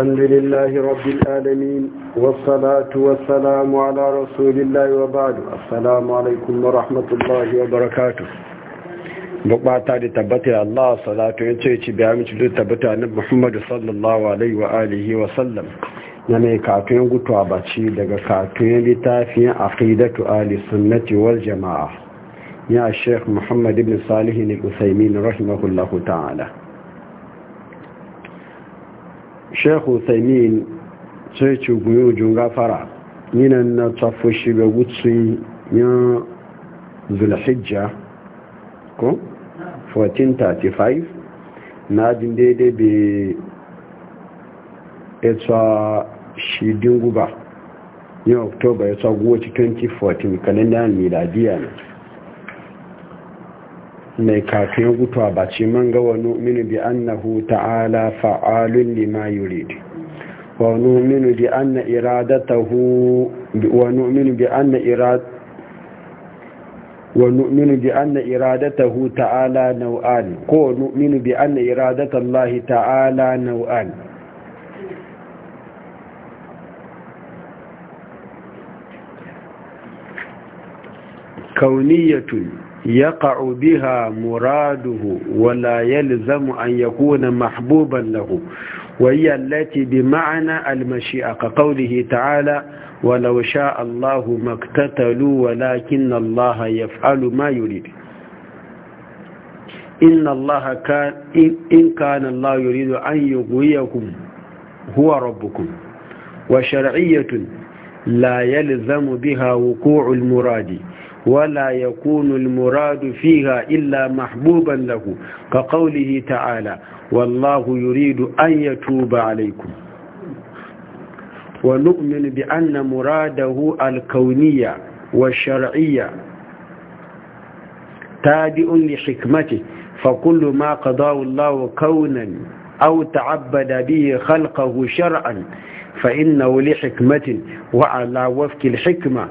الحمد لله رب العالمين والصلاة والسلام على رسول الله وبعد السلام عليكم ورحمة الله وبركاته bukata da tabbata Allah salatu ya ce ci biya mici da tabbata na Muhammadu sallallahu alaihi wa alihi wa sallam na mai katoyin gutuwa baci daga katoyin littafin aqidatu ahli sunnati wal jama'a ya Sheikh Muhammad ibn Salih ibn Usaymin rahimahullahu ta'ala shehu taimin sai ci guyo junga fara ninan na tafi shi ga gutsun yan zulhijja ko 1435 na jin daidai be etsa shi dinguba yin oktoba ya tsago 2014 kalendayen miladiya ne mai kafin gutuwa ba ce man ga wani minu bi annahu ta'ala fa'alun lima yurid wani minu bi anna iradatahu wa nu'minu bi anna irad wa nu'minu bi anna iradatahu ta'ala naw'an ko nu'minu bi anna iradatallahi ta'ala يقع بها مراده ولا يلزم أن يكون محبوبا له وهي التي بمعنى المشيئة كقوله تعالى ولو شاء الله ما اقتتلوا ولكن الله يفعل ما يريد إن الله كان إن كان الله يريد أن يغويكم هو ربكم وشرعية لا يلزم بها وقوع المراد ولا يكون المراد فيها إلا محبوبا له كقوله تعالى والله يريد أن يتوب عليكم ونؤمن بأن مراده الكونية والشرعية تابع لحكمته فكل ما قضاه الله كونا أو تعبد به خلقه شرعا فإنه لحكمة وعلى وفك الحكمة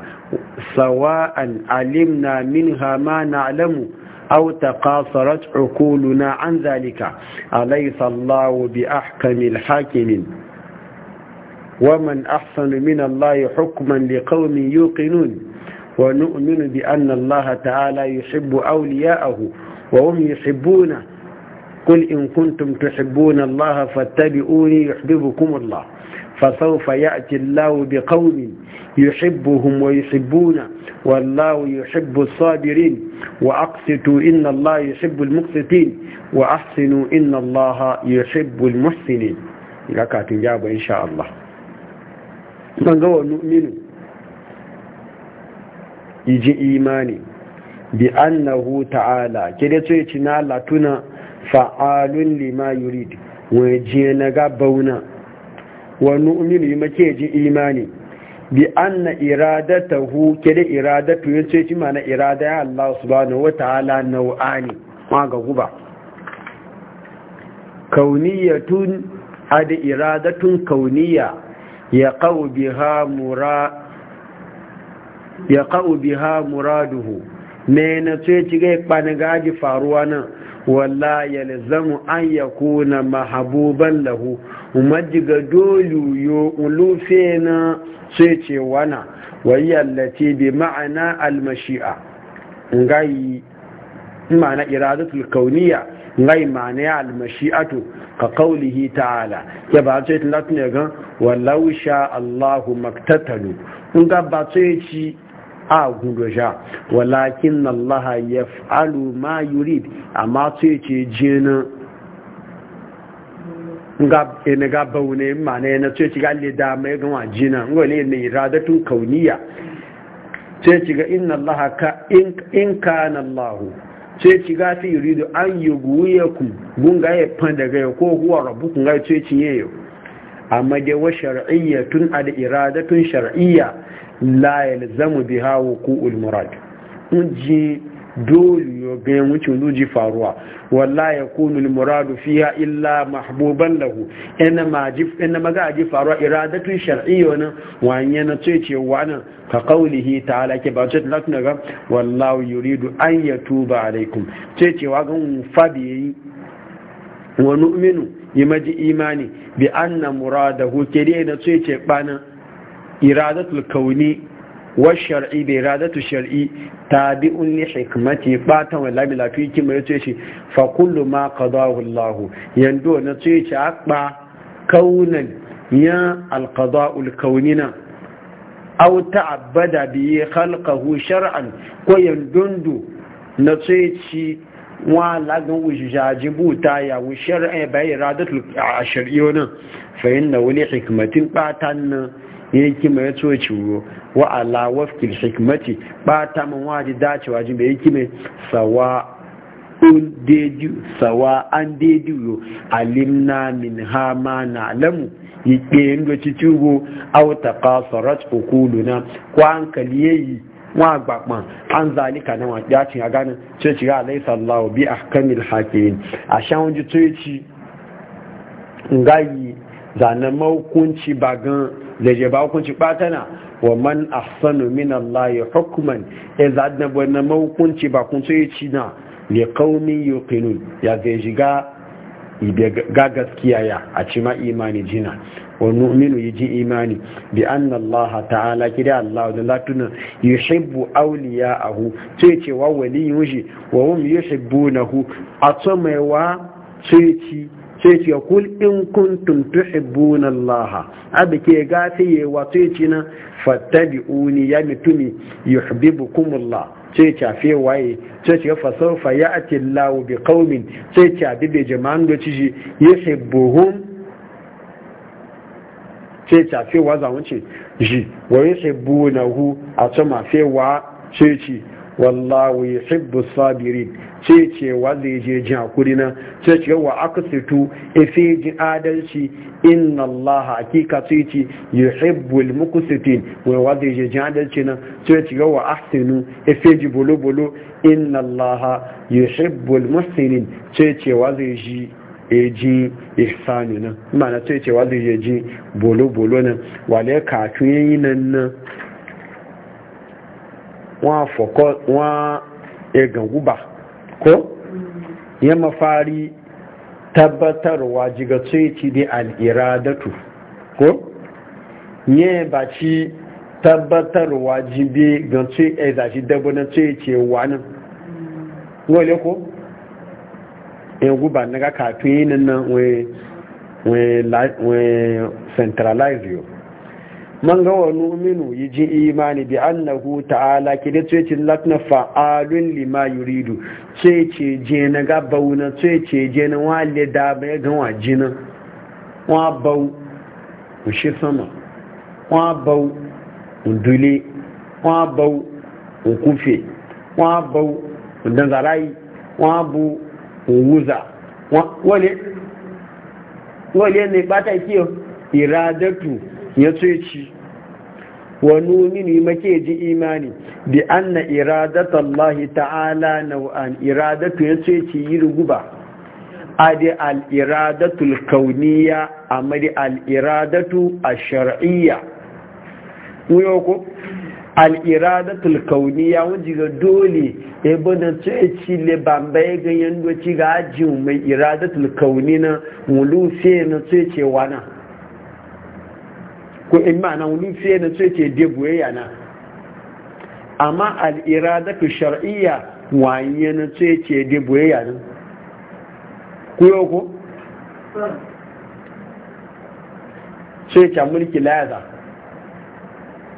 سواء علمنا منها ما نعلم أو تقاصرت عقولنا عن ذلك أليس الله بأحكم الحاكم ومن أحسن من الله حكما لقوم يوقنون ونؤمن بأن الله تعالى يحب أولياءه وهم يحبونه قل إن كنتم تحبون الله فاتبعوني يحببكم الله فسوف يأتي الله بقوم يحبهم ويحبون والله يحب الصابرين وأقسطوا إن الله يحب المقسطين وأحسنوا إن الله يحب المحسنين لك تجاب إن شاء الله من هو نؤمن يجي إيماني بأنه تعالى كده تيتنا لتنا فعال لما يريد ويجينا قبونا wa nu'minu make ji imani bi anna iradatahu kede iradatu yace shi mana irada ya Allah subhanahu wataala nau'ani ma ga guba kauniyatun ad iradatun kauniya ya biha mura ya biha muraduhu me na ce ci ga kpanaga ji faruwa nan wala yalzamu an yakuna mahabuban lahu umajiga dolu yo ulufe na a ce wana wayyallati bi ma'ana almashi'a ngai ma'ana iradatul kauniya ngai ma'ana almashi'atu ka qawlihi ta'ala ya ba ce tun da tun ga walau sha Allahu maktatalu kun ga ba ce ci a gudoja walakin na Allah ya fa'alu ma yurid amma to yake jina ina ga baune mana yana to ci galle da mai gama jina ngole ne iradatun kauniya ce ci ga inna allaha ka in kana allahu ce ci ga fi yuridu an yi guye yuguyakum gunga ya fanda ga ko huwa rabbukum ga ce ci yayo amma dai wa shar'iyyatun ad iradatun shar'iyya la yalzamu biha wuqu'ul murad unji dole yo ga wuce luji faruwa walla yakunu al muradu fiha illa mahbuban lahu ina majif ina maga ji faruwa iradatu shar'iyya nan wanya na ce ce wannan ka qawlihi ta'ala ke ba ce lakin ga wallahu yuridu an yatuba alaikum ce ce wa ga yi wa nu'minu yimaji imani bi anna muradahu kire na ce ce bana iradatul kauni wa shar'i da iradatu shar'i tabi'un li hikmati batan wa bila fi kima yace shi fa ma qadahu yando na ce ci akba kaunan ya alqada'ul kaunina aw ta'abbada bi khalqahu shar'an ko yandundu na ce ci wa lagan wujaji buta ya wu shar'a bai iradatul shar'i wani fa inna hikmatin batan yake mai yato ciwo wa ala wafkil hikmati ba ta man waje dacewa jin bai yake mai sawa un deju sawa an deju alimna min ha ma na alamu yake yin da ci ciwo au ta kasarat ukuluna ko hankali yayi wọn an anzalika na wọn ya ti àgánà tí ó e ti rí aláìsàláwò bí àkàmìl a àṣáwọn jù tó e yìí ci zanen zanamau kunci bagan da je ba hukunci batana wa man ahsanu min Allah ya hukuman ya zaɗa wani mahukunci ba kun soye ci na ne kaunin yuqinun ya zai shiga ga gaskiya ya a ci ma imani jina wa nu'minu ji imani bi anna Allah ta'ala kida Allah da latuna yuhibbu awliya'ahu sai ce wa waliyun shi wa hum yuhibbunahu a tsamaiwa sai ci sai ce ya kul in kuntum tuhibbuna Allah abi ke ga sai gafiye wato ce na fattabi'uni ya mutumi yuhibbukum Allah sai ce fa waye sai ce fa sawfa ya'ti Allah bi qaumin sai ce abi be jama'an da ciji yuhibbuhum sai ce fa wa zawunci ji wa yuhibbunahu a ce ma fa wa sai ce wallahu yuhibbu sabirin ce ce wanda yaje jin hakuri na ce wa aksitu ife ji adalci inna allaha hakika ce ce yuhibbu almuqsitin wa wanda yaje jin adalci na ce ce wa ahsinu ife ji bolo bolo inna allaha yuhibbu almuhsinin ce ce wanda yaje eji ihsani na ma'ana ce ce wanda yaje bolo bolo na wale katun yayin nan wọn afọkọ wọn egan guba ko ma fari tabbatarwa jiga tsoyici da al'iradatu ko ya baci tabbatarwa jibe ga eh, tsoyici a zashi dabbanin tsoyici wani wale ko ya guba na ga kafin yinin nan wai centralize yau man ga wa numinu yi ji imani bi annahu ta'ala ki da tsoye cin latina fa'alun lima yuridu tsoye ce je na ga na tsoye ce je na wale da bai ga wa jina wa bau mu shi sama wa bau mu dule wa bau mu kufe wa bau mu danzarai wa bu mu wuza wale wale ne ba bata kiyo iradatu ya ce ci wa ne make ji imani bi anna iradat Allah ta'ala nau'an iradatu ya ce ci yi ruguba adi al-iradatul kauniya amadi al-iradatu ash-shar'iyya wuyo ko al'iradatul kauniya wajen ga dole ebe ce ci le bambaye ganyen doci ga ajiyun mai iradatul kauni na mulu sai na ce wana ko in ma nan fiye na sai ke de buyayya na amma al'iradatu shar'iyya wanye na sai ke de buyayya ku kuyo ko sai ke mulki layaza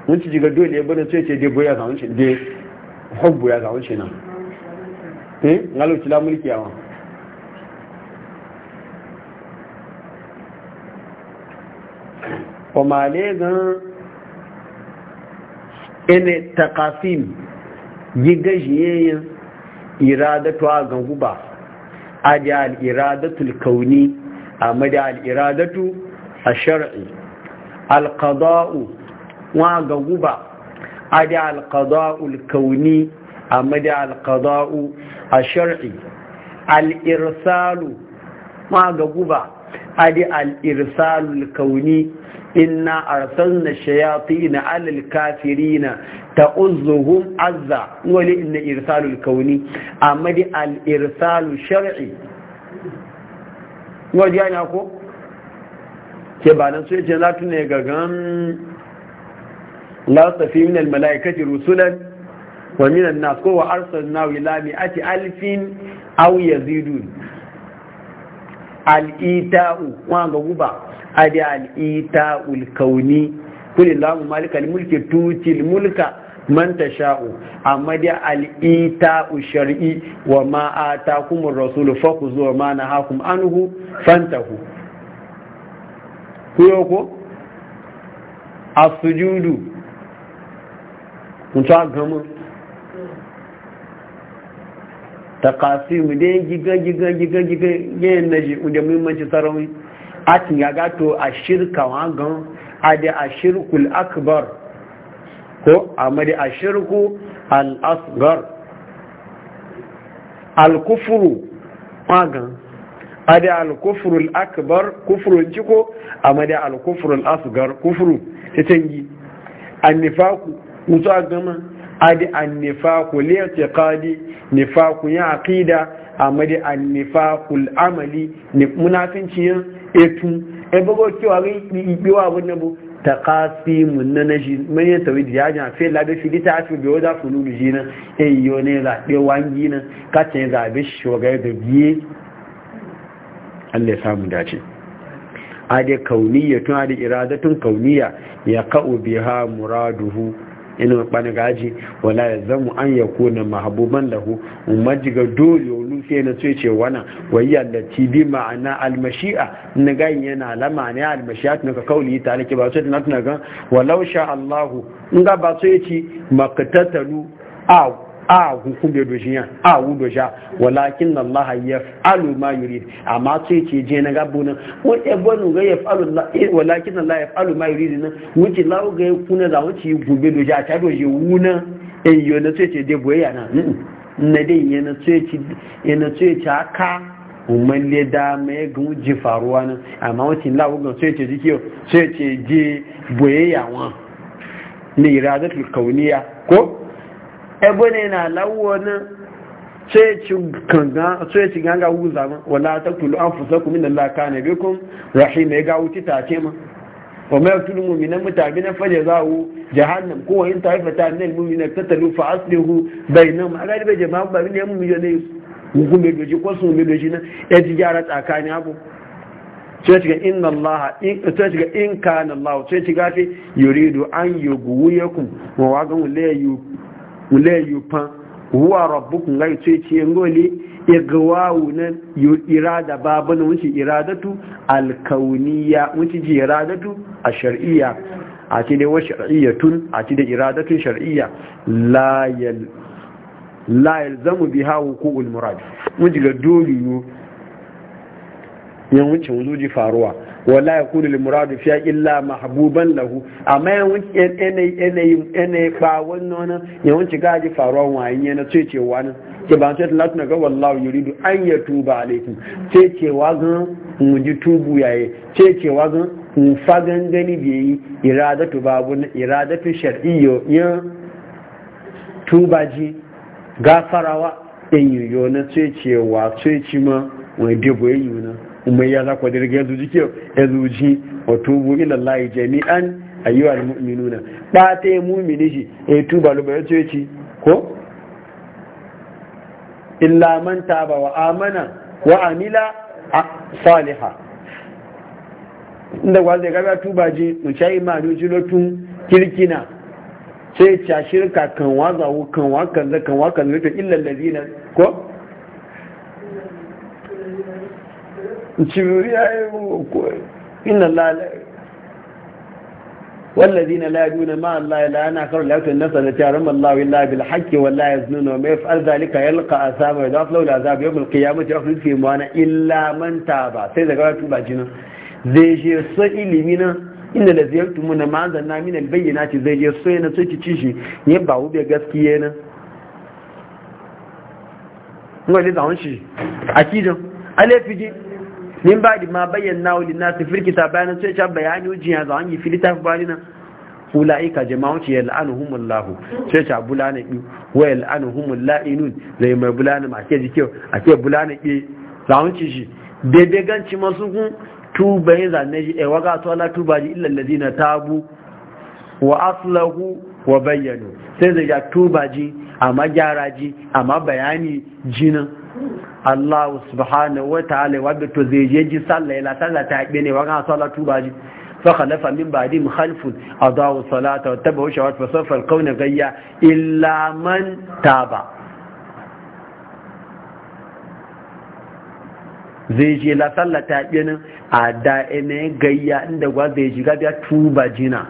wunci jiga dole ya na sai ke de buyayya ga wunci de hubbu ya ga wunci nan eh ngalo kila mulki yawa kwamale gan ene takafim gajiyayen iradatu a ganguba a da al'iradatul kauni a mada al'iradatu a shari'i alkada'u wa ganguba a da alkada'ul kauni a mada alkada'u a shari'i al'irsalu ma ganguba a da al'irsalul kauni inna arsalna shayatin alal kafirina ta'uzuhum azza wali inna irsalul kauni amma di al irsalu shar'i wani yana ko ke ba nan sai ce za tu ne gagan la tafi min al malaikati rusulan wa min an nas ko wa arsalna ila mi'ati alfin aw yazidun al'ita'u wa ga guba a da kauni kuli lamu malikal mulki tutil mulka man ta sha'u amma da al'ita'u shar'i wa ma'ata kuma rasulu faku zuwa ma na anhu fantahu kuyo ko a sujudu mutu ta kasimu dai giga giga giga giga yayin na ji da muhimmanci sarauni a cin ya gato a shirka wangan a da a shirkul akbar ko a madi a shirku al'asgar al-kufuru wangan a da al-kufuru al'akbar kufurun ciko a madi al-kufuru al'asgar kufuru ta an nifaku mutu a gama adi annifaku li'tiqadi nifaku ya aqida amadi annifaku al'amali munafinci yin etu e bago cewa ri ibiwa abun nabu taqasimun na naji man ya tawid ya jan fe la be fili ta fi da fulu ji jina e yo ne la be wangi na ka ce za be shoga da biye Allah ya samu dace ade tun ade iradatun kauniya ya ka'u biha muraduhu ina mabani gaji wala ya zamu an ya kona mahabuban hu umarji ga dole wani sai na ce ce wana wayyar da tibi ma'ana almashi'a na gayin yana alama ne almashi'a tun ka kauli ta alake ba su yi tana gan walau sha Allahu in ga ba su ya ci makatatalu a a hukun bai doshi ya a wu dosha walakin ma ya falu eh, ma amma ce na gabo nan wani ebonu ga ya walakin na nan wuce lawo ga kuna da wuce gobe doshi a ta doshi wuna eh, in yi wani sai ce na na dai yana sai ce aka umar le da mai ji faruwa nan amma wuce lawo ga ce jikiyo ce ne kauniya ko ebe ne na lawo na sai ci ganga wuza ma wala ta tulu an fusa ku min Allah ka ne bikum rahim ya gawo ci tace ma wa ma yaqtulu mu'minan mutabina fa jazahu jahannam ko in ta'ifata fa jama'a ko na sai shiga in Allah sai shiga in sai shiga fi yuridu an yughwiyakum wa wagan la yughwiyakum wule yupan huwa rabbukum ga yace ce ngole igwawu na yu irada babana wuce iradatu alkauniya wuce ji iradatu a shar'iyya a ce ne wa shar'iyyatun a ce da iradatun shar'iyya la yal la yalzamu biha wuqu'ul murad wuce ga dole yo yan wuce wuzuji faruwa wala ya kuri limuradu fiya illa mahabuban lahu amma yanayi ba wannan yawanci gaji faruwa wayan yana ce cewa nan ke ba ce tunatu na ga wallahu yuridu an ya tuba alaikum ce cewa zan muji tubu yaye ce cewa zan nufa gangani da yi iradatu babu iradatu shar'iyyo yin ji gafarawa in yiyo na ce cewa ce ci ma wani debo yi na umayya za ku da riga yanzu jike yanzu ji wa tubu ila Allah jami'an ayyuha almu'minuna ba ta yi mu'mini shi e tuba lu bayan ce ko illa man taba wa amana wa amila a saliha inda gwazo ya gaba tuba ji mu sha imanu ji lotun kirkina sai ta shirka kan wazawo kan wakan zakan wakan zakan illa lazina ko Cibiyoyi ya yi koyi inna lalai والذين لا يدون مع الله لا أنا أخر لا النفس التي حرم الله إلا بالحق ولا يزنون وما يفعل ذلك يلقى أثاما ويضاف له العذاب يوم القيامة يخلد في موانا إلا من تابع سيدة قرأت باجنا zai je so ilimi na inda da ziyartu muna ma'azan na minal bayyana ce zai je so yana so kici shi ya ba wube gaskiya na zawon shi akidan alefiji min ba ma bayyana wa linnasi fil kitab na sai ta bayani ujin ya zan yi fil ta bayani ulaika jama'uci yal'anuhumullah sai ta bulana bi wa yal'anuhumul la'inun zai mai bulana ma ke jike ake bulana bi zaunci shi daidai ganci masu kun tuba yin zanne shi ewa eh, ga tola tuba ji illal ladina tabu wa aslahu wa bayyana? sai zai ya tuba ji amma gyara ji amma bayani jinan Allah subhanahu wa ta'ala wa to zai je ji sallah ila sallah ta haƙe ne wa kan sallah tuba ji fa khalafa min ba'di khalfun adawu salata wa tabu shawat fa safa al gayya illa man taba zai je la sallah ta haƙe ne a da'ene gayya inda gwa zai ji gabiya tuba jina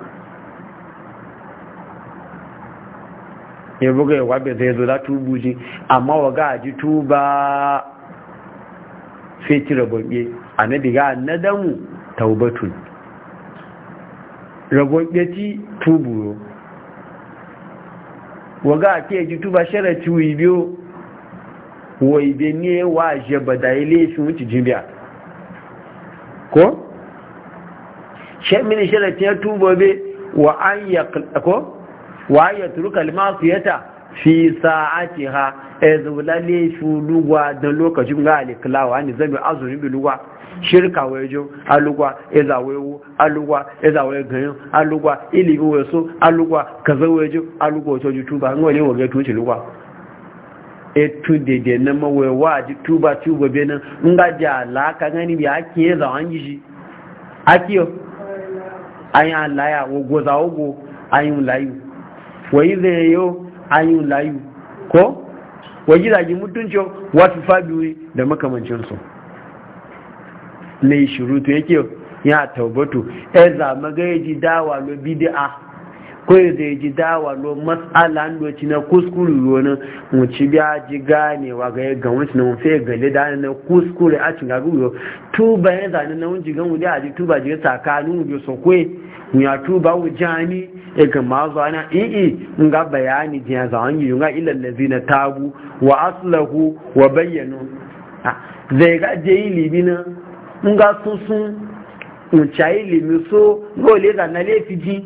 ya buga ya wabe zai zo za tubu ji amma wa ga ji tuba sai ci rabonɓe a na diga na damu taubatun rabonɓe ci tubu yo wa ga ke ji tuba sharaci wi biyo wa ibe ne wa je bada ile shi wuce jibiya ko? shi mini sharaci ya tubo be wa an yi ko? wa ya turuka limasiyata fi sa'atiha e zulale shuluwa da lokacin ga aliklawa ne zabi azumi biluwa shirka wejo alugwa eza wewu alugwa eza we gayin alugwa ilimi weso alugwa kaza wejo alugwa ojo tuba ngole wo getu chilugwa etu dede na mawewa ji tuba tuba bena nga alaka gani bi ake eza wangiji akiyo ayin alaya ogo za ogo ayin layu wai zai yau an layu ko waji zagi mutuncin wasu fabiwi da makamancinsu mai shirutu yake ya taubatu ya zama eza ya ji dawa lo bidi'a ko ya zai ji dawa lo matsala doci na kuskure wani wuci biya ji ganewa ga ya ga wani na mafi gale da na kuskure a cin gagu yo tuba ya zane na wunji gan wuli a ji tuba ji tsakanin wuli sokwe ya tuba wujani ga mazu ana i'i nga bayani jiya za an yi nga ilallazi na tabu wa aslahu wa bayyanu ah, zai ga je limi na nga susun nca limi so gole za na lefi ji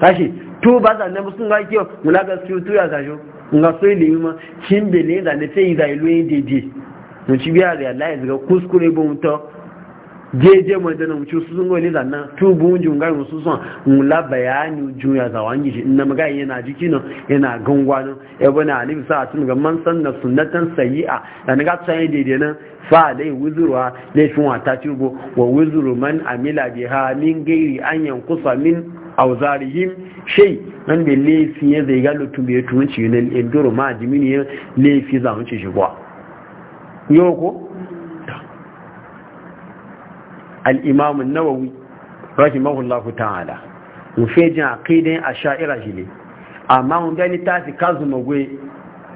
tashi tu ba za na musu ga kiyo mula ga su tu ya zajo nga so yi limi ma cin bele da ne sai za ilu yin dede mun ci biya da Allah ya zaga kuskure bon to jeje mai dana mu su sun gwani zanna tubu jin gari musu son la bayani juya zawan shi. inna maga yana jiki no yana no e bana alim sa tun ga man san na sunnatan sayyi'a da na gata sanye daidai nan fa dai wuzurwa laifin wata tubo wa wuzuru man amila biha min gairi an yankusa min auzarihim shai man bi lafi ya zai ga lutu ya tunci na indoro ma jimini ya laifi ci shi kwa Yoko. al-imam an-nawawi rahimahullahu ta'ala mu fejin aqidan ash'ira shi ne amma mun ga littafi kazuma gwe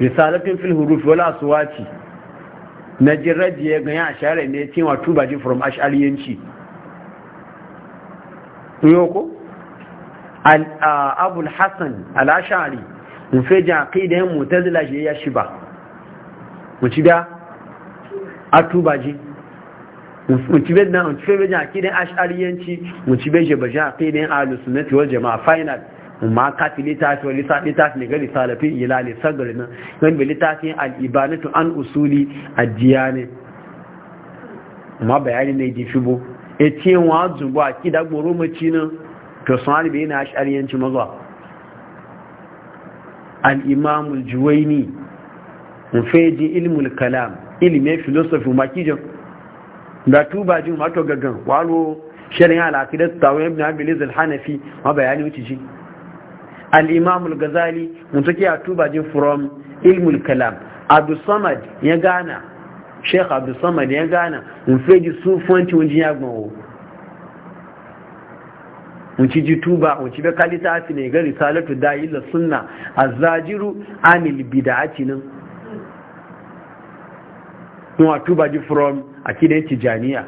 risalatin fil huruf wal aswati na jirraji ya ganya ash'ari ne cewa tubaji from ash'ariyanci yoko abul hassan al-ash'ari mun fejin aqidan mu'tazila shi ya shiba mu ci da atubaji ci mutube na mutube bejin akidan ash'ariyanci mutube je baje akidan ahlus sunnati wal jamaa final ma kati litafi wal litafi litafi ne ga risalafi ila li sagrin nan bi litafin al ibanatu an usuli adiyane ma bayani ne di fibo e ti wa zubo akida gboro maci nan to san alibi na ash'ariyanci maza al imam al juwayni mufeji ilmul kalam ilmi filosofi makijin Da tuba jin mato gaggan walo shirin al'aqidat tawai ibn abdul al-hanafi ma bayani wuce ji Alimamul gazali al-ghazali a tuba jin from ilmul kalam abu samad ya gana sheikh abu samad ya gana mun feji sufanci wajen ya gbanwo mun ci ji tuba mun ci bai kalita ne ga risalatu da yi sunna a zajiru anil bid'ati nan mun tuba ji from akidan tijaniya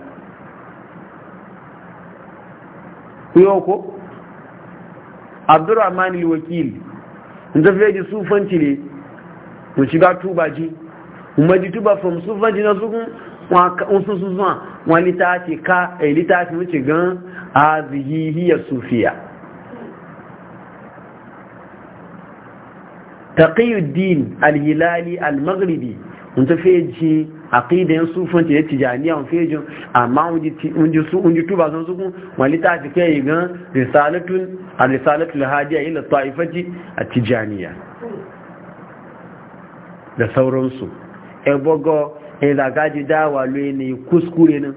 kuyo ko abdurrahman al-wakil inda fiye ji sufanci ne mu shiga tubaji mu ji tuba from sufanci na sukun wasu sun zuwa wani eh, ce ka a littafi wuce gan a zihihiyar sufiya taqiyuddin al-hilali al-maghribi mun tafiye ji aqidan sufanci ya tijaniya on fejin amma unji su unji tuba sun wani ta fi kai gan risalatun risalatul hadiya ila taifati a tijaniya da sauransu ebogo ilagaji e dawa lo ne kuskure nan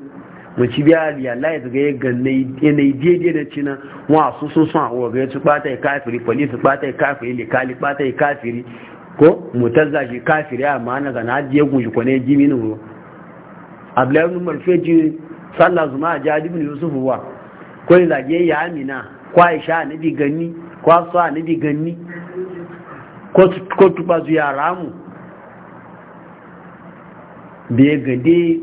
mace biya riya lai daga ya yanayi daidai na cinan wasu sun sun a waga ya ci bata ya kafiri kwali su bata ya kafiri likali bata ya kafiri ko mutazza shi kafir ya ma'ana ga na ajiye gunshi kwane jimi mini ruwa abdullahi ibn marfeji sallah zuma a jadi ibn yusuf wa ko ni zage ya amina ko aisha bi ganni ko afsa bi ganni ko ko tuba zu ya ramu biye gade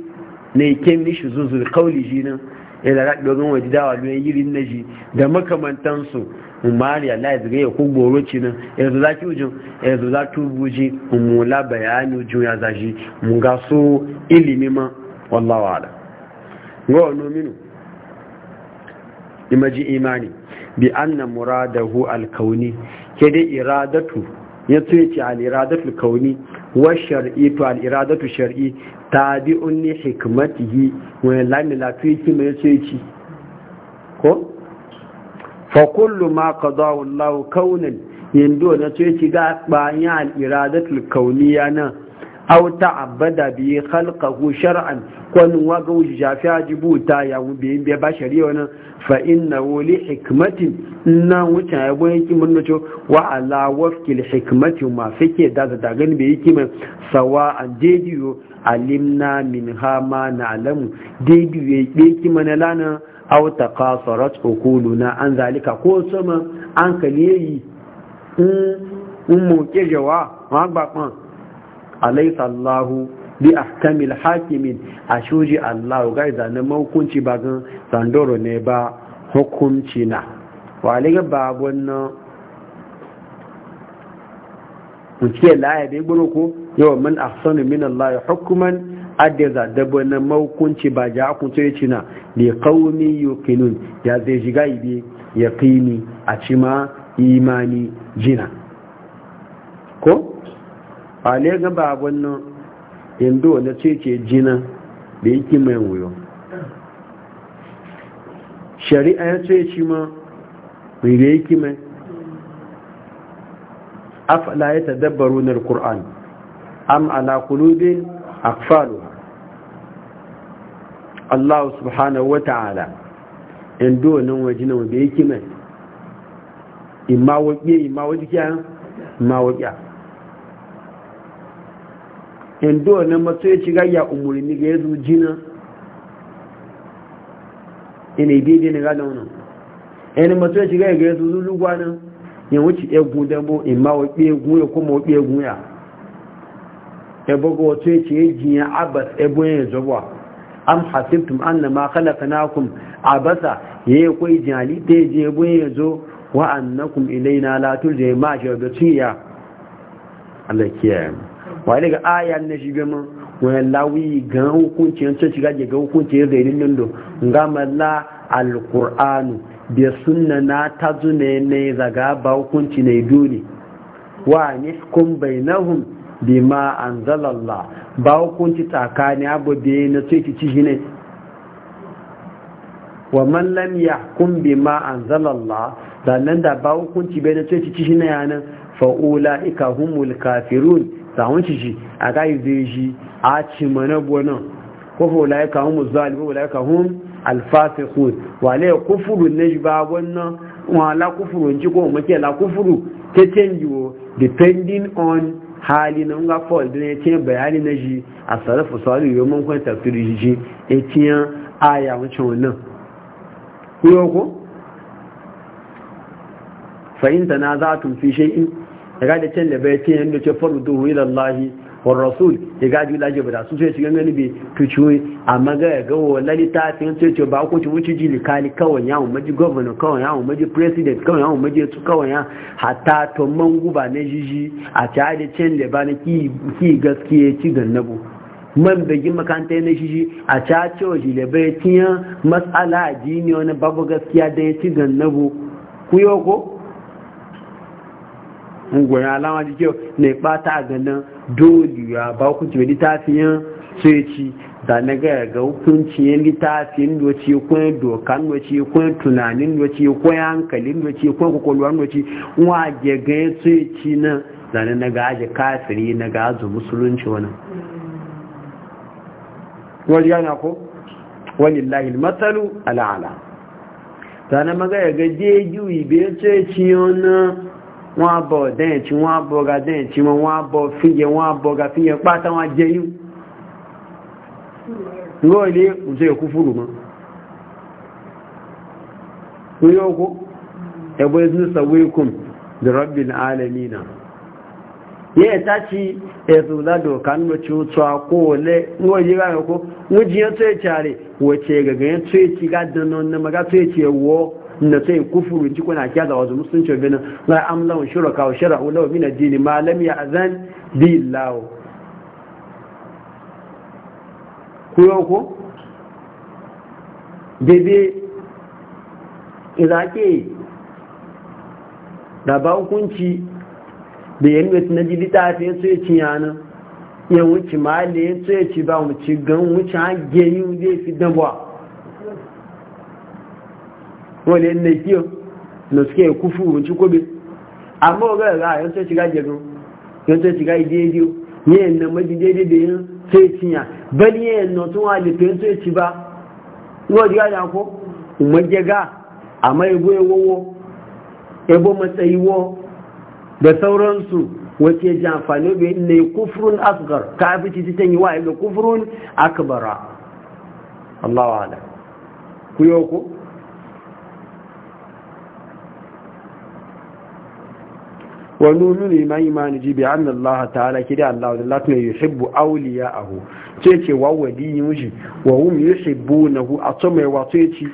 ne yi ni shi zuzu kauli jina ila ga dogon wajidawa don yiri naji da makamantansu umari Allah ya zagaye ko goro ci nan yanzu za ki ujin yanzu za ki buji umula bayani ujin ya zaji mun ga so ilimi ma wallahu ala ngo no minu imaji imani bi anna muradahu alkauni ke dai iradatu ya tuyace al-iradatu kauni wa shar'i to al-iradatu shar'i tabi'un li hikmatihi wa la milatu yake mai ko fa kullu ma qadahu Allah kaunan yando na ce ki ga bayan al-iradatul kauniya na aw ta'abbada bi khalqahu shar'an kun wa ga jafi ajibuta ya wubi bi ba shari'a na fa innahu li hikmatin na wuce ya bo yake mun nato wa ala wafki li ma fike da da gani bai mai sawa a dejiyo alimna min hama na alamu dejiyo yake mana lana aw taqasarat uquluna an zalika ko sama an kaliyi in mu ke jawa ba. gba kan alaysa allah bi ahkamil hakimin ashuji allah ga na mahukunci ba gan sandoro ne ba hukunci na wa alayga ba na mu ce bai ko yau man ahsanu min allah hukuman adda dabba na maukunci ba ja kunce ya cina li qaumi yuqinun ya zai shiga ibe kini a cima imani jina ko ale ga ba wannan indo na ce ce jina da yake mai wuyo shari'a ya ce shi ma mai da yake mai afala ya tadabbaru na alkur'an am ala kulubin akfaluwa Allah subhanahu wa ta'ala in duwannan waje na wanda yake mai imma waƙiya imma waje kiya imma waƙiya in duwannan masu ya ci gayya umarni ga ya zuji na ina daidai na gane wannan yana masu ya ci gayya ga ya zuzu lugwa nan ya wuce ya gudan bo imma guya kuma waƙiya guya abas am hasibtum anna ma khalaqnakum abasa yayi koi jali te je bun yazo wa annakum ilaina la turja ma shabatiya Allah kiyaye wa daga ayan na shiga mun wani lawi ga hukuncin sun shiga ga hukuncin zainin lindo ga malla alkur'anu da sunna na ta zune ne zaga ba hukunci ne duni? wa nihkum bainahum bima an zalalla ba hukunci tsakani abu biye na sai ci ne wa mallam ya kun bima anzalallah sannan da ba hukunci bai na sai ki ci ne yanan fa'ula ika humul kafirun sawun ci shi a ga yi zai shi a ci mana gona ko fa ulaika humul zalimu ulaika hun alfasikun wa ya kufuru ba wannan wa la kufuru ci ko muke la kufuru ta canjiwo depending on hali na nga paul bin yace bayani na shi a salafu salihu yau mun kwanta tafsiri shi aya wancan wannan ko yau ko fa in tanaza'tum fi shay'in daga da can da bai ce ce faruduhu ila Allah war rasul ya gaji laje ba su sai shiga ganin bi tuciyoyi amma ga ya gawo lalita ta yin sai ba ku ci wuce jili kali kawai yawon maji governor kawai yawon maji president kawai yawon maji su kawai ya hatta to man guba na jiji a ta da can da ba na ki gaskiya ci gannabu man begin makanta na shi a ta cewa jilebai tiyan matsala a jini wani babu gaskiya da ya ci gannabu ku yau ko ungoyin alama jikin na ɓata ganin dole ya ba hukunci mai littafiyan sai ci da na gaya ga hukuncin littafin doci kun dokan doci kun tunanin doci kun hankalin doci kun kwakwalwar doci wa ga gaya sai ci na zane na gaji kafiri na gazu musulunci wani wani yana ko wani lahil matsalu ala'ala zane magaya ga jeji bai sai ci na. wọ́n abọ bọ̀ nwa wọ́n á bọ̀ ga dẹ́ẹ̀tì wọn wọ́n á bọ̀ fíyẹ wọ́n á bọ̀ ga fíyẹ pátá wọn jẹ yíò ngọ́ ilé òṣèrè kú fúrù mọ́ orí ọkọ́ ẹgbẹ́ ìsinúsà wékùn dìrọ́bìn alẹ́mìnà yẹ́ ẹ̀ta ẹ̀sùn tọ́ akó ilé wọ́n na sai kufuru ji kuna kiya da wasu musulunci ganin na amlan shuraka wa shara'u law min ad-din ma lam ya'zan billahu Allah ku yau ko izake da ba hukunci da yanzu na ji littafin su ya ci yanan yan wuce ma da ya ci ba wuce gan wuce ha geyi zai fi dabuwa wọ́n lè ní kí o lọ ẹ̀kú fún òun tí kó bí àmọ́ ọ̀rọ̀ ẹ̀rọ àyọ́ tẹ́ ti jẹun yọ́n tẹ́ ti ká ìdéédé o ní ẹ̀nà méjì déédé bẹ̀rẹ̀ tó ti yàn bẹ́ẹ̀ ní ẹ̀nà tó wà lè pè tó ti bá wọ́n ti ká yàn kó ìmọ̀ jẹgá àmọ́ ẹbó ewówó ẹbó da sauransu wace ji ka fi ci akbara Allah wa ku yau wa ne ma imani ji bi anna Allah ta'ala kida Allah da Allah ne yuhibbu awliya'ahu ce ce wa wadi mushi wa hum yuhibbunahu atuma wa ce ce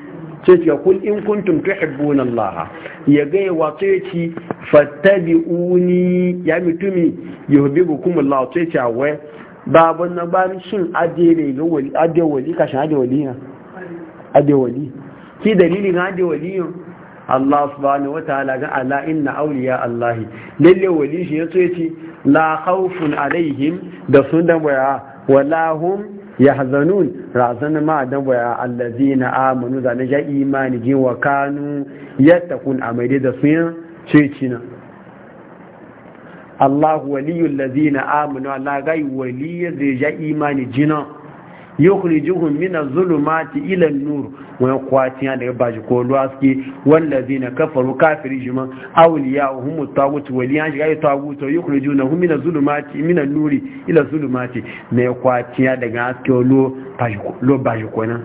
ce ce kul in kuntum tuhibbuna Allah ya ga wa ce ce fattabi'uni ya mutumi yuhibbukum Allah ce ce wa babu na ba shin adere ga wali adewali kashin adewali na adewali ki dalilin adewali yau Allah subhanahu ta'ala ga ala inna awliya Allah lalle wali shi yaso yace la khawfun alaihim da sun da waya wala hum yahzanun razan ma da waya allazina amanu da ne imani ji wa kanu yattaqun amade da sun ce na Allah waliyul ladina amanu Allah ga wali zai imani jina yukhrijuhum min az-zulumati ila an-nur wa yaqwatiya daga baji ko luwaski wallazina kafaru kafirijum awliya'uhum at-taghut waliyan shiga at-taghut yukhrijunahum min az-zulumati min an-nuri ila az-zulumati ne yaqwatiya daga aske lu baji ko lu baji ko na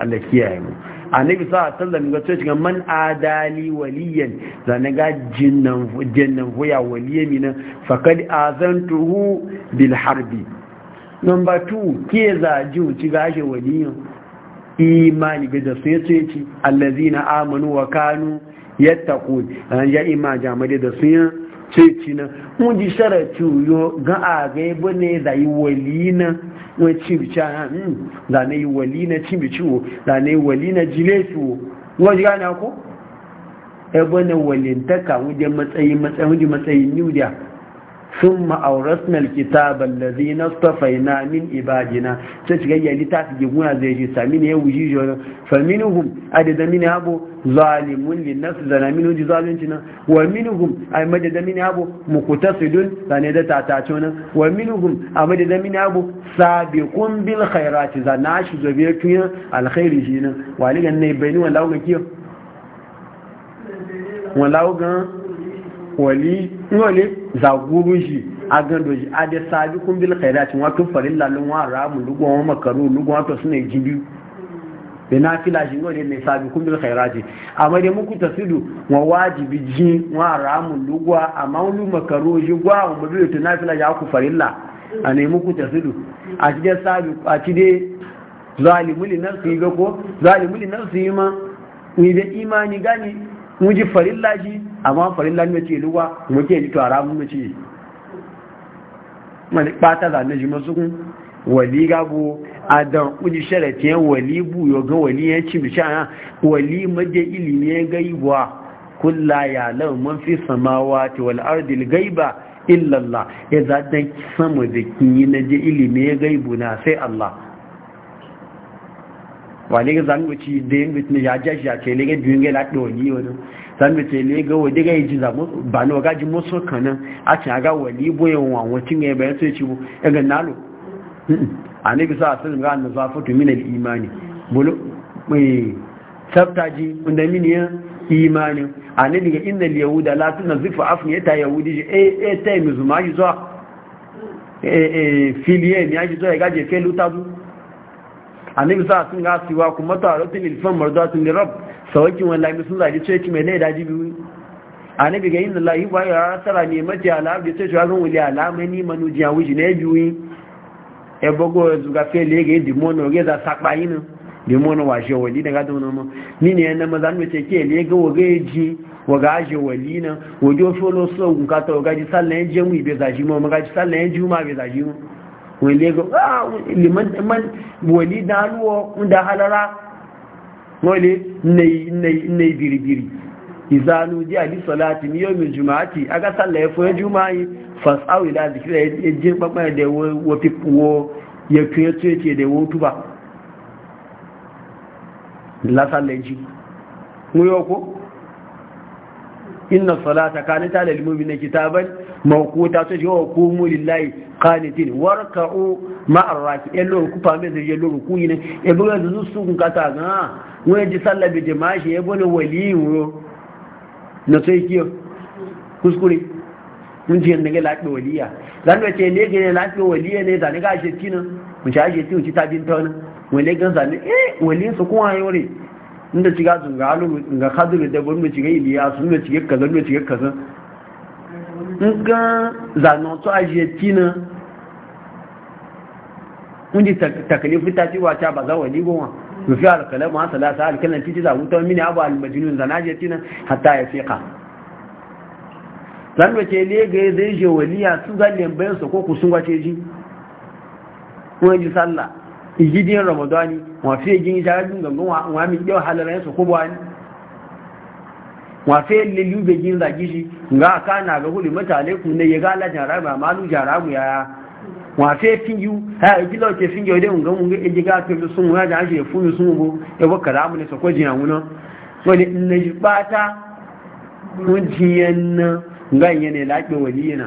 Allah kiyaye mu annabi sa sallam ga cewa cikin man adali waliyan zan ga jinnan jinnan waya waliyami nan faqad azantuhu bil harbi Nomba 2 ke zaji wuci gashe waliyan imani bi da su ya ce ci allazina amanu wa kanu yattaqun an ja ima jamade da su ya ce ci na mun ji sharatu yo ga a ga ne da yi walina wai ci bi cha hmm da ne yi walina ci bi ciwo da ne walina jile ciwo wani gana ko ebo ne walintaka wajen matsayi matsayi matsayi niudia sun ma'aurasnal kitaban da zina stafai na min ibadina ta shiga yi littafi giguna zai ji sami ne ya wuji jiyoyin faminuhum adada mini abu zalimun linnas zana mini wuji zalunci nan wa minuhum a madada mini abu mukuta sidun zane da tatace nan wa minuhum a madada mini abu sabiqun bil khairati zana shi zobe tuyan alkhairi shi nan waligan ne bayani wallahu ga kiyo wallahu ga wali zagurun shi a gando shi a da sabi kun bil khairati wato farin lalun wa ramu lugon wa makaru lugon wato suna yi jibi da na fila shi ne ne sabi kun bil khairati amma dai muku tasidu wa wajibi ji wa ramu lugwa a maulu makaru shi gwa wa mabiyo to na fila ya ku la a ne muku tasidu a ci dai sabi a ci dai su yi ga ko su yi ma ni da imani gani muji ji farilla ji amma farilla ne ce ruwa muke ji tara mun ce mani kpata da ne ji masu wali gabo adan kuji sharati yan wali bu yo ga wali ya ci bisha wali maje ilimi ya gaibuwa kulla ya lau man fi samawati wal ardil gaiba illa Allah ya zadan samu da yi na je ilimi ya gaibu na sai Allah wale ga zango ci da yin bitin ya ja shi a ce lege biyun ga lati wani wani zango ce lege wa diga yi ji zamu ba na waga ji musu kanan a ce aga wali boye wa wacin ga bayan sai ci bu e ga nalo a ne bisa a sirrin ga annan zafi to min imani bulu mai tsaftaji inda min ya imani a ne daga inda yahuda la tuna zifa ta yahudi ji e eh ta yi mizuma ji zuwa e eh, e eh, filiye ya ji zuwa ya gaje fe lutazu annabi sa sun ga kuma taratun ilfan mardatun li rabb sawakin wallahi sun zagi ce ki mai ne daji biyu annabi ga inna lahi ba ya tara ne mati ala abdi ce shi ga wuli ala mai ni manu jiya wuji ne biyu e bogo zuga fele ga dimono ga za sakpayin dimono wa she wali daga dono mo ni ne na mazan ce ke le ga woge ji waga je wali na wojo folo so gun ka to ga ji sallan je mu ibe za ji mo ma ga ji sallan je mu ma be za ji wele go aaa ah, liman man wali daluwo da halara wale nei nei nei biri biri izanu ji ali salati ni yawmin juma'ati aga sallah ya foye juma'i fasawi la zikira ya je babba da wo fi wo ya fiye tuye da wo tuba la sallah ji mu yoko inna salata kanita lil mu'minina kitaban mawquta to jo ku mu lillahi qanitin warka'u ma'ar raki'in lo ku fami da yelo ku ne e bo da su kun kata ga we ji sallah bi jama'a e bo ne wali wo na sai kiyo kuskure mun ji ne ga lafi waliya dan da ce ne ga lafi waliya ne da ne ga shi tinan mun ci aje tin ci tabin tona wani gan zane eh wali su kuma yore inda ci ga zunga alu ga hadu da bun ci ga iliya sun ci ga kaza ci ga kaza in ga zanon to ajetina kundi takalifi ta ci wata ba za wani goma rufi alkalamu ma la sa alkalan ci za mutum mini abu almajinun zanaje tina hatta ya fiqa zan wace ne ga zai je waliya su zan lembayin su ko ku sun wace ji kuma ji sallah igidin ramadani wọn fi egin jaragun gangan wọn mi yau halayen su kubo ni wọn fi lilu begin zagi shi ga aka na ga hulu mutane ku ne ya gala jaramu a malu jaramu ya wọn fi fin yi ha yi kila ke fin yau dai ngan ngan eji ga kebe sun wuna da ashe funu sun ugo ya baka ramu ne sakwaji na wuna wani na ji bata mun jiyan nan ganye ne laƙe waliyana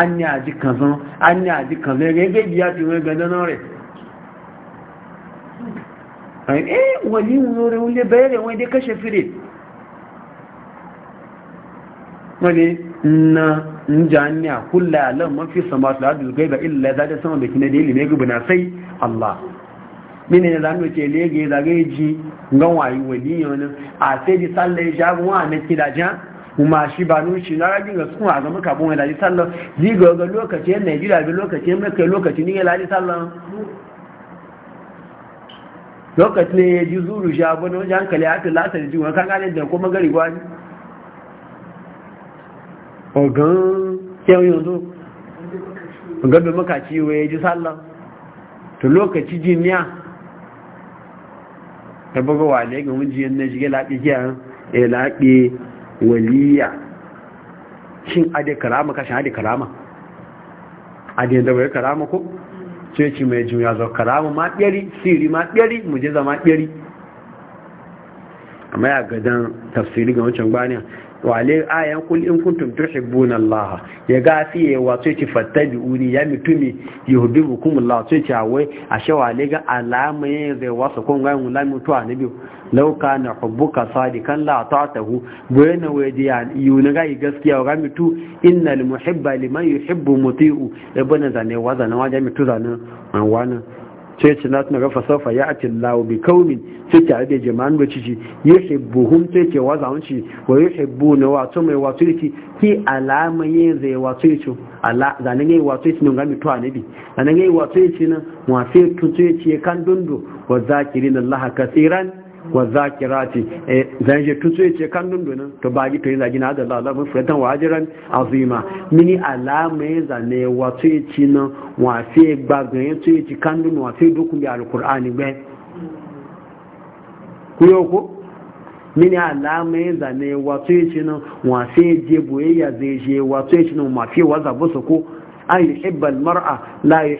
an ní àjí kànzán an ní àjí kànzán gẹ́gẹ́ bí i ti wọ́n gẹ́gẹ́ náà rẹ̀ ẹ́ wọ́n ní wọ́n rẹ̀ wọ́n lè bẹ̀rẹ̀ wọ́n dé kẹ́ṣẹ́ fìrè wọ́n na nja ní àkúlẹ̀ alam wọ́n fi sọmọ́ àtúlá àdùgbẹ́ ibẹ̀ ilẹ̀ zaɗe sọ́wọ́n da kí na da ilẹ̀ sai Allah mini ne zamu ce lege zage ji ngan wayi waliyo ne a sai ji sallah jabu wa na kidajan kuma shi ba nushi na rabin ga sun a zama kabin wani sallan ziga ga lokaci yan najeriya bi lokaci yan kai lokaci ni ya lalisa sallan lokaci ne ya ji zuru shi abu na wajen hankali hatu lasa da jiwon kan ganin da kuma gari gwani ogan yau yanzu ogan da makaci wa ya ji sallan to lokaci jiniya ta buga ne ga wujiyan na shige laɓi kiyan ya eh, laɓi waliya shin ade karama kashin ade karama ade da wai karama ko sai ci mai juya zo karama ma ɗari siri ma ɗari mujiza zama ɗari amma ya gadon tafsiri ga wancan gbaniya wale ayan kul in kuntum tuhibbuna Allah ya gafi ya wato ki fattabi'uni ya mitumi yuhibbukum Allah sai ki awai ashe wale ga alama ya zai wasu kun ga mun lamu to anabi law kana hubbuka sadikan la ta'tahu bayna wadiya yuna ga gaskiya ga mutu innal muhibba liman yuhibbu muti'u ibn zane wazana waje mitu zane wannan sai ce na tunaga fasafa ya ake lawo bi kauni sai ke da jama'an da ciki ya hibbu hum sai ke waza wanci wa ya hibbu na wato mai wato yake ki alama yin zai wato yake ala zanen yayi wato yake nunga mitu anabi zanen yayi wato yake nan wato sai tutu yake kan dundu wa zakirin Allah kasiran wa zakirati e, zan je tutsu ya ce kan dundunan to ba gi to yin zagi na da lalabin furatan wajiran azima mini alama ya zane wa tu ya ci nan wa fi gbagan ya tu ya ci kan dundunan wa fi dukkan bi alkur'ani gbẹ kuyo ko mini alama ya zane wa tu ya ci nan wa fi je boyayya zai je wa tu ya ci nan wa fi waza busu ko an yi hibbal mar'a la yi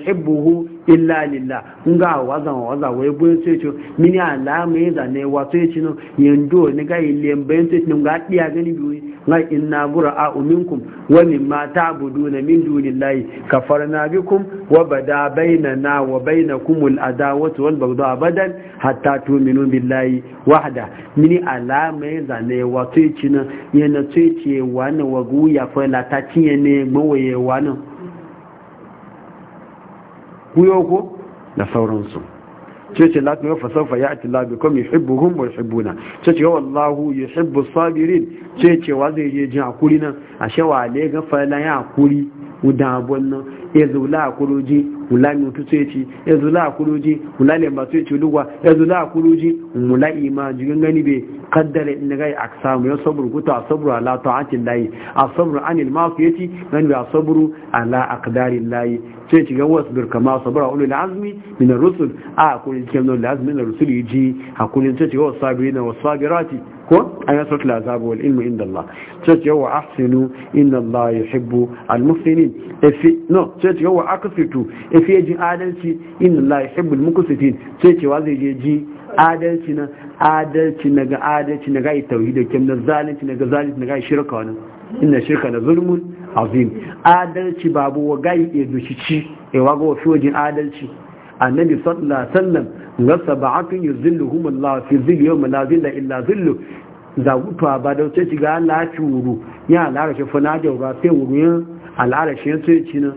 illa lillah nga ga waza waza wai bu sai mini alama yaza ne wa sai ce no yando ni ga ile bayan sai ce ga diya gani biyu na inna wani ma wa mimma ta'buduna min dunillahi kafarna bikum wa bada bainana wa bainakum al'adawatu wal baghdha abadan hatta tu'minu billahi wahda mini alama yaza ne wa sai ce no yana sai wa na wagu ya fa ta cinye ne wa nan kuyo ko da sauransu ce ce lati wa fasaufa ya ati labi kom yuhibbuhum wa yuhibbuna ce ce wallahu yuhibbu sabirin ce ce wa zai je jin hakuri nan ashe wa le ga fa la ya hakuri udan nan a akuruji mula mutu tsoyeci ezula akuruji mula lemba tsoyeci lugwa ezula akuruji mula iman jigin gani be kaddara in gai samu ya saburu kuta saburu ala ta ta'atin layi asabru anil masu yaci gani a saburu ala a aqdarin layi tsoyeci ga wasbir kama a ulul azmi min ar-rusul a kullu kamna ulul azmi min ar-rusul yiji hakulin tsoyeci ga wasabirina wasabirati ko ayan suratul azab wal ilmu inda Allah tsoyeci wa ahsinu inna Allah yuhibbu al-muhsinin no sai ce yawa aka fito akasitu fiye yajin adalci Allah inna la yuhibbul muqsitin sai cewa zai je ji adalci na adalci na ga adalci na ga yi da kyan na zalunci na ga zalunci na ga yi shirka wannan inna shirka na zulmun azim adalci babu wa gai e dushi e wa ga fi wajin adalci annabi sallallahu alaihi wasallam ga sab'atun yuzilluhum Allah fi zilli yawm la zilla illa zillu da gutuwa ba da wuce shiga Allah ya wuru ya alara shi fa na jaura sai wuru ya alara shi ya ci nan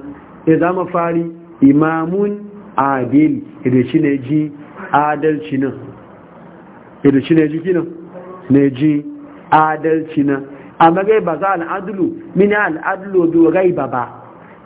ya zama fari imamun adil idan shi ne ji adalci nan idan shi ne ji kinan ne ji adalci nan a gai ba za al'adulu mini al'adulu biyu gai ba ba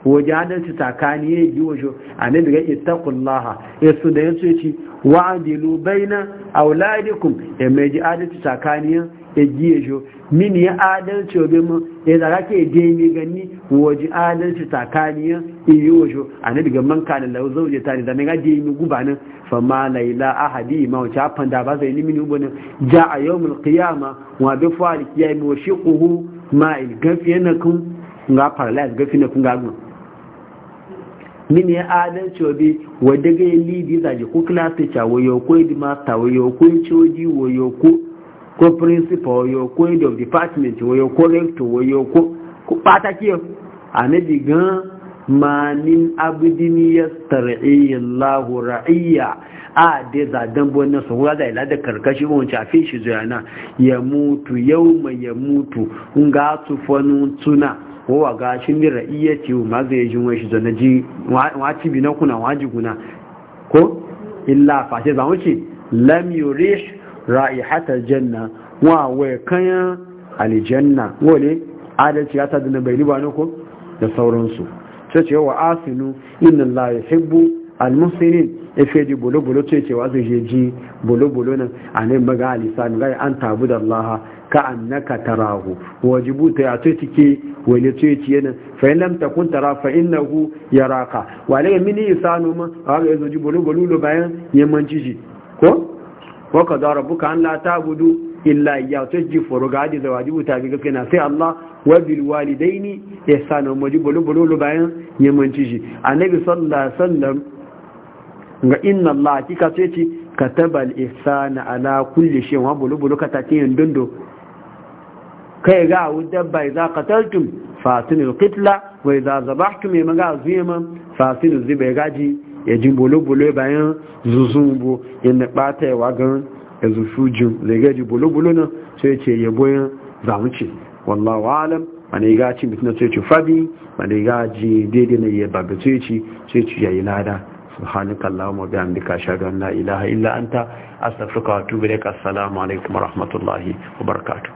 waje adalci tsakani ya yi wajo a nan daga ittakullaha ya su da wa ya ci wa'adilu na auladikum ya mai ji adalci tsakani ya yi wajo mini ya adalci wa mu. ya eh, zara ke daimi gani waje adalci tsakaniyar iyo wajo a na daga man da zau je tare da na gaji yi gubanin fama laila ahadi ma wace hafan da ba zai nimi ni gubanin ja a yau ma wa bi fari ya yi mawashi kuhu ma gafi yana kun ga paralyz gafi na kun gagun mini ya adalci wa bi wadda ga yi lidi zaje ko klasa cawo yau ko idima tawo yau ko coji wa yau ko ko principal yo ko head of department yo ko rector yo ko pataki yo anabi gan ma min abdin yastar'i Allah ra'iya a dan zadan na so wa da ilada karkashi mun fi shi zuyana ya mutu yauma ya mutu nga fonu tuna wa ga shi ni ra'iya ce ma zai ji wani shi zana ji wa ci bi na kuna waji guna ko illa fa sai mu ce lam yurish ra'ihatal janna wa wa kayan aljanna wale adalci ya tada na bai riba ne ko da sauransu sai ce wa asinu inna allaha yuhibbu almusinin ife ji bolo-bolo ce ce wa zai ji bolo-bolo a ne maga alisan gai an tabu da Allah ka annaka tarahu wajibu ta yato cike wani ce ce yana fa in lam takun tara fa innahu yaraka wale mini isanu ma ga yazo ji bolo-bolo bayan neman ji ko waka zara buka an lata gudu illa ya ta ji foro ga hadi zawaji buta bi gaske na sai Allah wa bil walidaini ihsana maji bulu bulu bayan yamanci shi annabi sallallahu alaihi wasallam ga inna Allah kika ce ci kataba al ihsana ala kulli shay wa bulu bulu ka take yin dundo kai ga dabba idza qataltum fatinul qitla wa idza zabahtum yamaga zuyama fatinul zibay gaji ya ji bolo-bolo bayan zuzun bu yadda ɓata yawa gan ya zufu jin zai gaji bolo-bolo nan sai ce ya boyan zamuci wallawa alam na ya gaci mutum sai ce fabi na ya gaji daidai na ya babu sai ce sai ce ya yi lada subhanaka allahumma bi hamdika ashhadu an la ilaha illa anta astaghfiruka wa atubu alaikum rahmatullahi wa